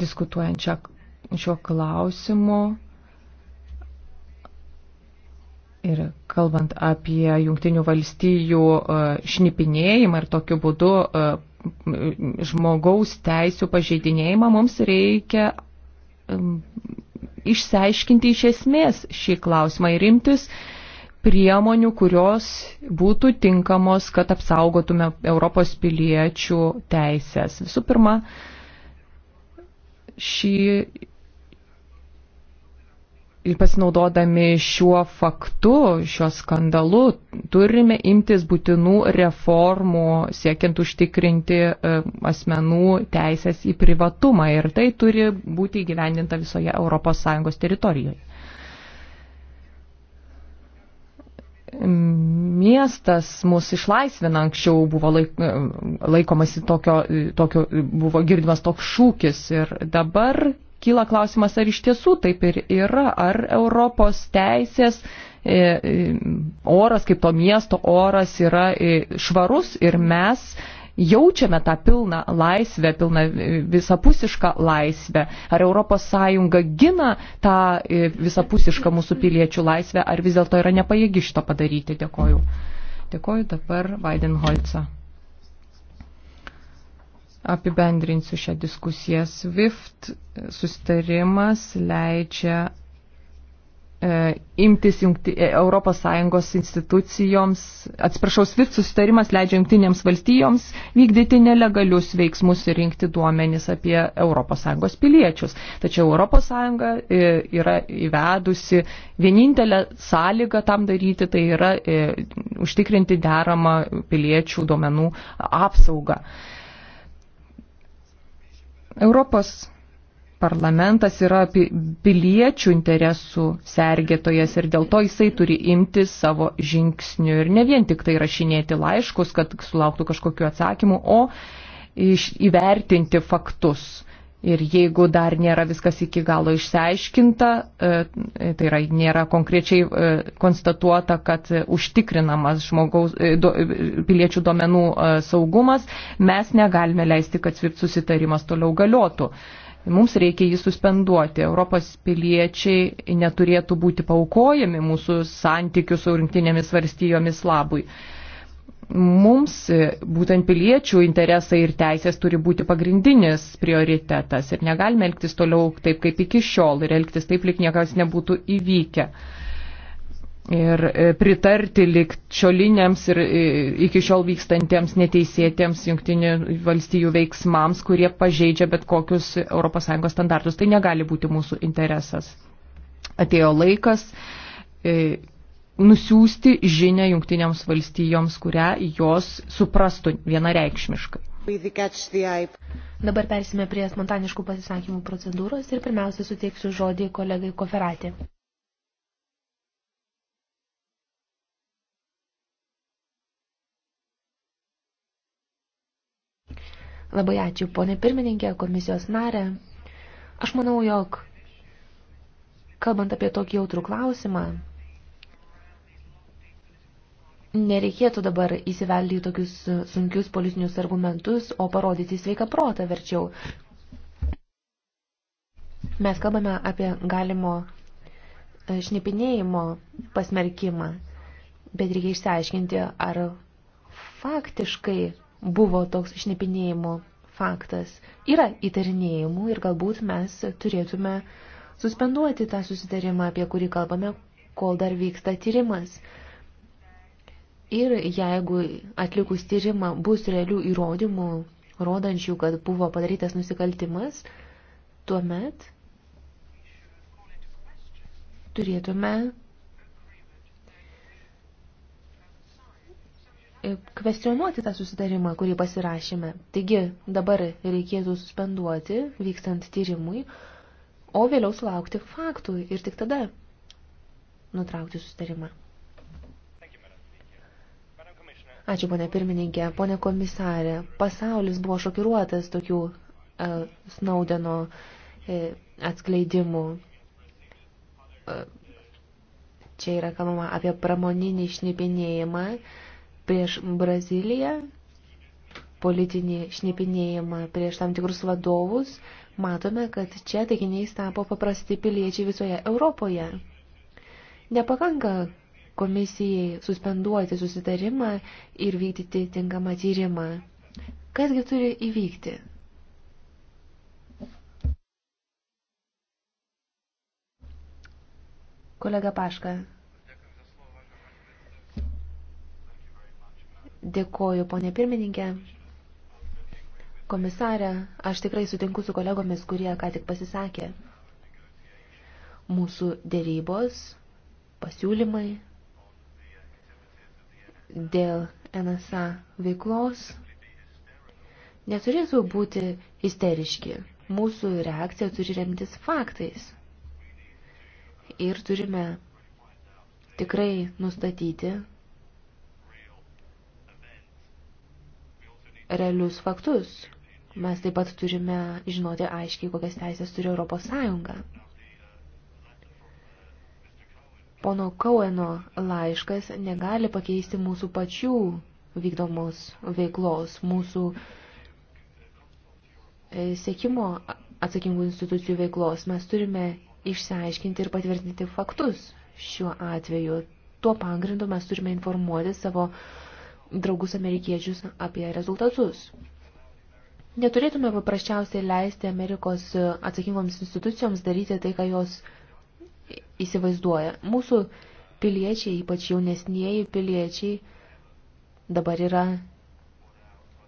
B: Diskutuojant čia, šiuo klausimu ir kalbant apie jungtinių valstijų e, šnipinėjimą ir tokiu būdu e, žmogaus teisų pažeidinėjimą, mums reikia išsiaiškinti iš esmės šį klausimą ir imtis uh, priemonių, kurios būtų tinkamos, kad apsaugotume Europos piliečių teisės. Visų pirma, šį ir pasinaudodami šiuo faktu, šiuo skandalu, turime imtis būtinų reformų, siekiant užtikrinti e, asmenų teisės į privatumą. Ir tai turi būti įgyvendinta visoje ES teritorijoje. miestas mus išlaisvina, anksčiau buvo laik, laikomasi tokio, tokio, buvo girdimas toks šūkis ir dabar kyla klausimas, ar iš tiesų taip ir yra, ar Europos teisės e, e, oras kaip to miesto oras yra e, švarus ir mes jaučiame tą pilną laisvę, pilną e, visapusišką laisvę? Ar ES gina tą e, visapusišką mūsų piliečių laisvę, ar vis dėlto yra nepajėgi šito padaryti? Dėkoju. Dėkoju dabar Vaidenholca apibendrinsiu šią diskusiją. SWIFT sustarimas leidžia E, imtis jungti, e, Europos Sąjungos institucijoms, atsiprašau, SWIFT susitarimas leidžia jungtinėms valstijoms vykdyti nelegalius veiksmus ir rinkti duomenis apie Europos Sąjungos piliečius. Tačiau Europos Sąjunga e, yra įvedusi vienintelę sąlygą tam daryti, tai yra užtikrinti deramą piliečių duomenų apsaugą. Europos parlamentas yra piliečių interesų sergėtojas ir dėl to jisai turi imti savo žingsnių ir ne vien tik tai rašinėti laiškus, kad sulauktų kažkokiu atsakymu, o iš, įvertinti faktus. Ir jeigu dar nėra viskas iki galo išsiaiškinta, e, tai yra nėra konkrečiai e, konstatuota, kad užtikrinamas žmogaus, e, do, piliečių duomenų saugumas, mes negalime leisti, kad SWIFT susitarimas toliau galiotų. Mums reikia jį suspenduoti. Europos piliečiai neturėtų būti paukojami mūsų santykių su rinktinėmis varstyjomis labui. Mums būtent piliečių interesai ir teisės turi būti pagrindinis prioritetas ir negalime elgtis toliau taip kaip iki šiol ir elgtis taip, lik niekas nebūtų įvykę ir e, pritarti likčioliniams ir e, iki šiol vykstantiems neteisėtiems jungtinių valstijų veiksmams, kurie pažeidžia bet kokius ES standartus. Tai negali būti mūsų interesas. Atėjo laikas e, nusiųsti žinę jungtinėms valstijoms, kurią jos suprastų vienareikšmiškai.
A: Dabar persime prie spontaniškų pasisakymų procedūros ir pirmiausia suteiksiu žodį kolegai Koferatė. Labai ačiū, ponė pirmininkė, komisijos narė. Aš manau, jog kalbant apie tokį jautrų klausimą, nereikėtų dabar įsivelti į tokius sunkius politinius argumentus, o parodyti sveiką protą verčiau. Mes kalbame apie galimo e, šnipinėjimo pasmerkimą, bet reikia išsiaiškinti, ar faktiškai buvo toks šnipinėjimo faktas. Yra įtarinėjimų ir galbūt mes turėtume suspenduoti tą susitarimą, apie kurį kalbame, kol dar vyksta tyrimas. Ir jeigu atlikus tyrimą bus realių įrodymų, rodančių, kad buvo padarytas nusikaltimas, tuomet turėtume kvestionuoti tą susitarimą, kurį pasirašėme. Taigi dabar reikėtų suspenduoti, vykstant tyrimui, o vėliau sulaukti faktų ir tik tada nutraukti susitarimą. Ačiū, ponė pirmininkė, ponė komisarė. Pasaulis buvo šokiruotas tokių e, Snaudeno e, atskleidimų. E, čia yra kalbama apie pramoninį šnipinėjimą. E, prieš Braziliją, politinį šnipinėjimą prieš tam tikrus vadovus, matome, kad čia taikiniais tapo paprasti piliečiai visoje Europoje. Nepakanka komisijai suspenduoti susitarimą ir vykdyti tinkamą tyrimą. Kasgi turi įvykti? Kolega Paška. Dėkoju, ponė pirmininkė. Komisarė, aš tikrai sutinku su kolegomis, kurie ką tik pasisakė. Mūsų dėrybos, pasiūlymai dėl NSA veiklos neturėtų būti isteriški. Mūsų reakcija turi remtis faktais. Ir turime tikrai nustatyti realius faktus. Mes taip pat turime žinoti aiškiai, kokias teisės turi Europos Sąjunga. Pono Kaueno laiškas negali pakeisti mūsų pačių vykdomos veiklos, mūsų e, sėkimo atsakingų institucijų veiklos. Mes turime išsiaiškinti ir patvirtinti faktus šiuo atveju. Tuo pagrindu mes turime informuoti savo uh, draugus amerikiečius apie rezultatus. Neturėtume paprasčiausiai leisti Amerikos atsakingoms institucijoms daryti tai, ką jos įsivaizduoja. Mūsų piliečiai, ypač jaunesnieji piliečiai, dabar yra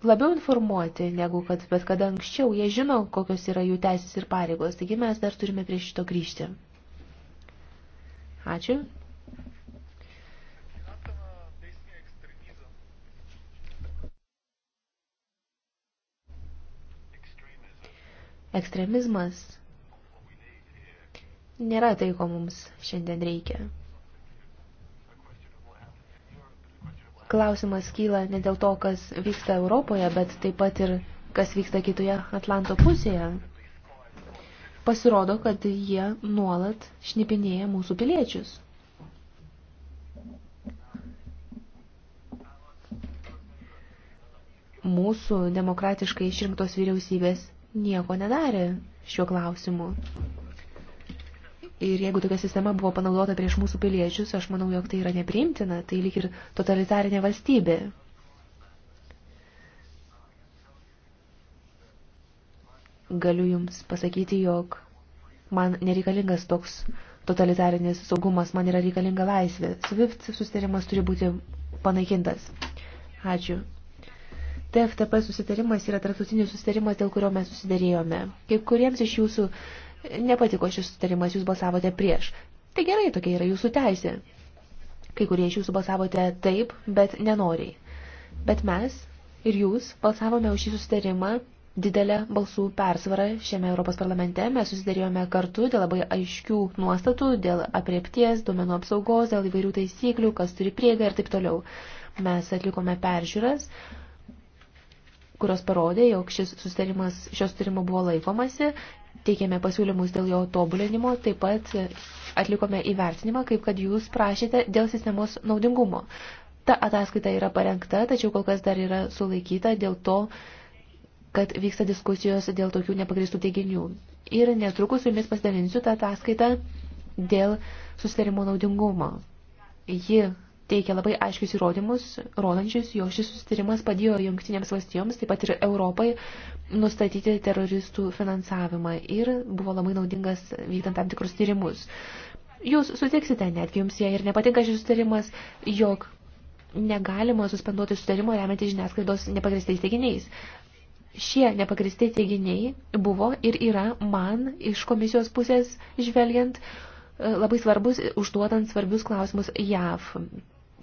A: labiau informuoti negu kad bet kada anksčiau. Jie žino, kokios yra jų teisės ir pareigos, taigi mes dar turime prie šito grįžti. Ačiū. Ekstremizmas nėra tai, ko mums šiandien reikia. Klausimas kyla ne dėl to, kas vyksta Europoje, bet taip pat ir kas vyksta kitoje Atlanto pusėje. Pasirodo, kad jie nuolat šnipinėja mūsų piliečius. Mūsų demokratiškai išrinktos vyriausybės nieko nedarė šiuo klausimu. Ir jeigu tokia sistema buvo panaudota prieš mūsų piliečius, aš manau, jog tai yra nepriimtina, tai lyg ir totalitarinė valstybė. Galiu Jums pasakyti, jog man nereikalingas toks totalitarinis saugumas, man yra reikalinga laisvė. SWIFT susitarimas turi būti panaikintas. Ačiū. TFTP susitarimas yra tarptautinis susitarimas, dėl kurio mes susidarėjome. Kai kuriems iš jūsų nepatiko šis susitarimas, jūs balsavote prieš. Tai gerai, tokia yra jūsų teisė. Kai kurie iš jūsų balsavote taip, bet nenoriai. Bet mes ir jūs balsavome už šį susitarimą didelę balsų persvarą šiame Europos parlamente. Mes susidarėjome kartu dėl labai aiškių nuostatų, dėl apriepties, duomenų apsaugos, dėl įvairių taisyklių, kas turi prieigą ir taip toliau. Mes atlikome peržiūras, kurios parodė, jog šis sustarimas, šios sustarimo buvo laikomasi, teikėme pasiūlymus dėl jo tobulinimo, taip pat atlikome įvertinimą, kaip kad jūs prašėte dėl sistemos naudingumo. Ta ataskaita yra parengta, tačiau kol kas dar yra sulaikyta dėl to, kad vyksta diskusijos dėl tokių nepagristų teiginių. Ir netrukus su jumis pasidalinsiu tą ataskaitą dėl susitarimo naudingumo. Ji teikia labai aiškius įrodymus, rodančius, jog šis susitarimas padėjo jungtinėms valstijoms, taip pat ir Europai, nustatyti teroristų finansavimą ir buvo labai naudingas vykdant tam tikrus tyrimus. Jūs sutiksite, netgi jums jie ir nepatinka šis susitarimas, jog negalima suspenduoti sutarimo remiantis žiniasklaidos nepagristais teiginiais. Šie nepagristi teiginiai buvo ir yra man iš komisijos pusės žvelgiant e, labai svarbus, užduodant svarbius klausimus JAV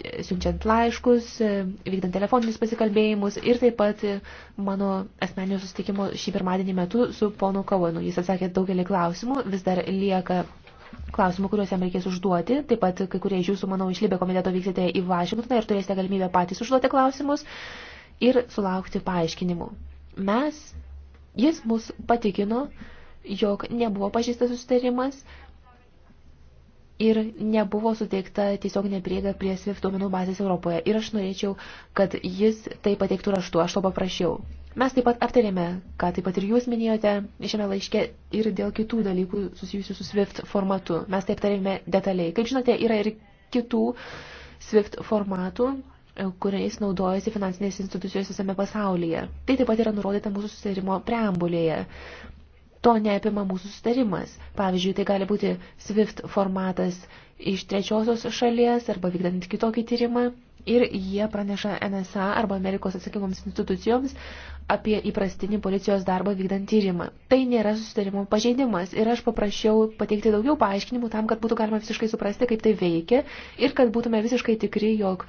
A: siunčiant laiškus, e, vykdant telefoninius pasikalbėjimus ir taip pat e, mano asmeninio susitikimo šį pirmadienį metu su ponu Kauenu. Jis atsakė daugelį klausimų, vis dar lieka klausimų, kuriuos jam reikės užduoti. Taip pat kai kurie iš jūsų, manau, iš Libė komiteto vyksite į Vašingtoną ir turėsite galimybę patys užduoti klausimus ir sulaukti paaiškinimų. Mes, jis mus patikino, jog nebuvo pažįstas susitarimas, ir nebuvo suteikta tiesiog neprieiga prie SWIFT duomenų bazės Europoje. Ir aš norėčiau, kad jis tai pateiktų raštu, aš to paprašiau. Mes taip pat aptarėme, ką taip pat ir jūs minėjote šiame laiške ir dėl kitų dalykų susijusių su SWIFT formatu. Mes tai aptarėme detaliai. Kaip žinote, yra ir kitų SWIFT formatų, kuriais naudojasi finansinės institucijos visame pasaulyje. Tai taip pat yra nurodyta mūsų susitarimo preambulėje. To neapima mūsų sustarimas. Pavyzdžiui, tai gali būti SWIFT formatas iš trečiosios šalies arba vykdant kitokį tyrimą ir jie praneša NSA arba Amerikos atsakingoms institucijoms apie įprastinį policijos darbą vykdant tyrimą. Tai nėra susitarimo pažeidimas ir aš paprašiau pateikti daugiau paaiškinimų tam, kad būtų galima visiškai suprasti, kaip tai veikia ir kad būtume visiškai tikri, jog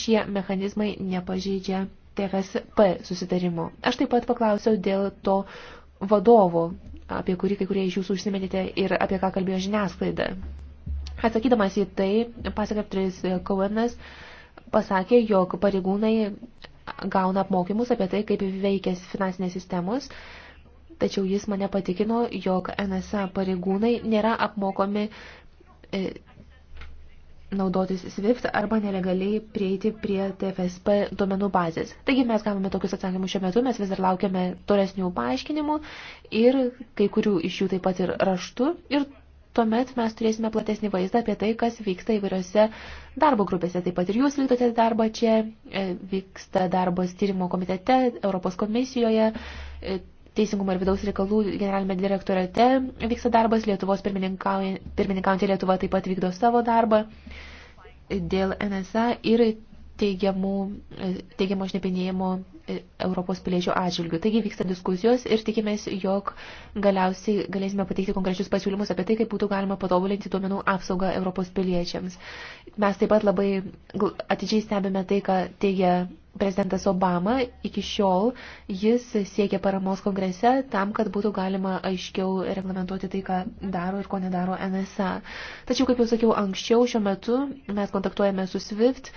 A: šie mechanizmai nepažeidžia TFSP susitarimo. Aš taip pat paklausiau dėl to vadovu, apie kurį kai kurie iš jūsų užsiminėte ir apie ką kalbėjo žiniasklaida. Atsakydamas į tai, pasakartris Cohenas pasakė, jog pareigūnai gauna apmokymus apie tai, kaip veikės finansinės sistemos, tačiau jis mane patikino, jog NSA pareigūnai nėra apmokomi e, naudotis SWIFT arba nelegaliai prieiti prie TFSP duomenų bazės. Taigi mes gavome tokius atsakymus šiuo metu, mes vis dar laukiame tolesnių paaiškinimų ir kai kurių iš jų taip pat ir raštu ir tuomet mes turėsime platesnį vaizdą apie tai, kas vyksta įvairiose darbo grupėse. Taip pat ir jūs vykdote darbą čia, e, vyksta darbas tyrimo komitete, Europos komisijoje, e, Teisingumo ir vidaus reikalų generalinėme direktorate vyksta darbas, Lietuvos pirmininkaujantį Lietuvą taip pat vykdo savo darbą dėl NSA ir teigiamų, teigiamo šnipinėjimo e, Europos piliečių atžvilgių. Taigi vyksta diskusijos ir tikimės, jog galiausiai galėsime pateikti konkrečius pasiūlymus apie tai, kaip būtų galima patobulinti duomenų apsaugą Europos piliečiams. Mes taip pat labai atidžiai stebime tai, ką teigia prezidentas Obama iki šiol jis siekia paramos kongrese tam, kad būtų galima aiškiau reglamentuoti tai, ką daro ir ko nedaro NSA. Tačiau, kaip jau sakiau anksčiau, šiuo metu mes kontaktuojame su SWIFT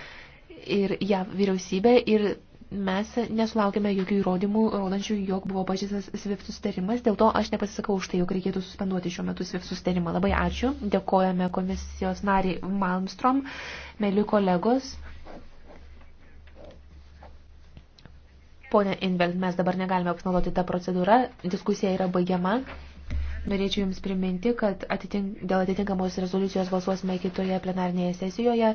A: ir JAV vyriausybė ir mes nesulaukime jokių įrodymų, rodančių, jog buvo pažįstas SWIFT sustarimas. Dėl to aš nepasisakau už tai, jog reikėtų suspenduoti šiuo metu SWIFT sustarimą. Labai ačiū. Dėkojame komisijos nariai Malmstrom, mėly kolegos. Pone Invelt, mes dabar negalime apsinaudoti tą procedūrą, diskusija yra baigiama. Norėčiau Jums priminti, kad atitink, dėl atitinkamos rezoliucijos balsuosime kitoje plenarinėje sesijoje.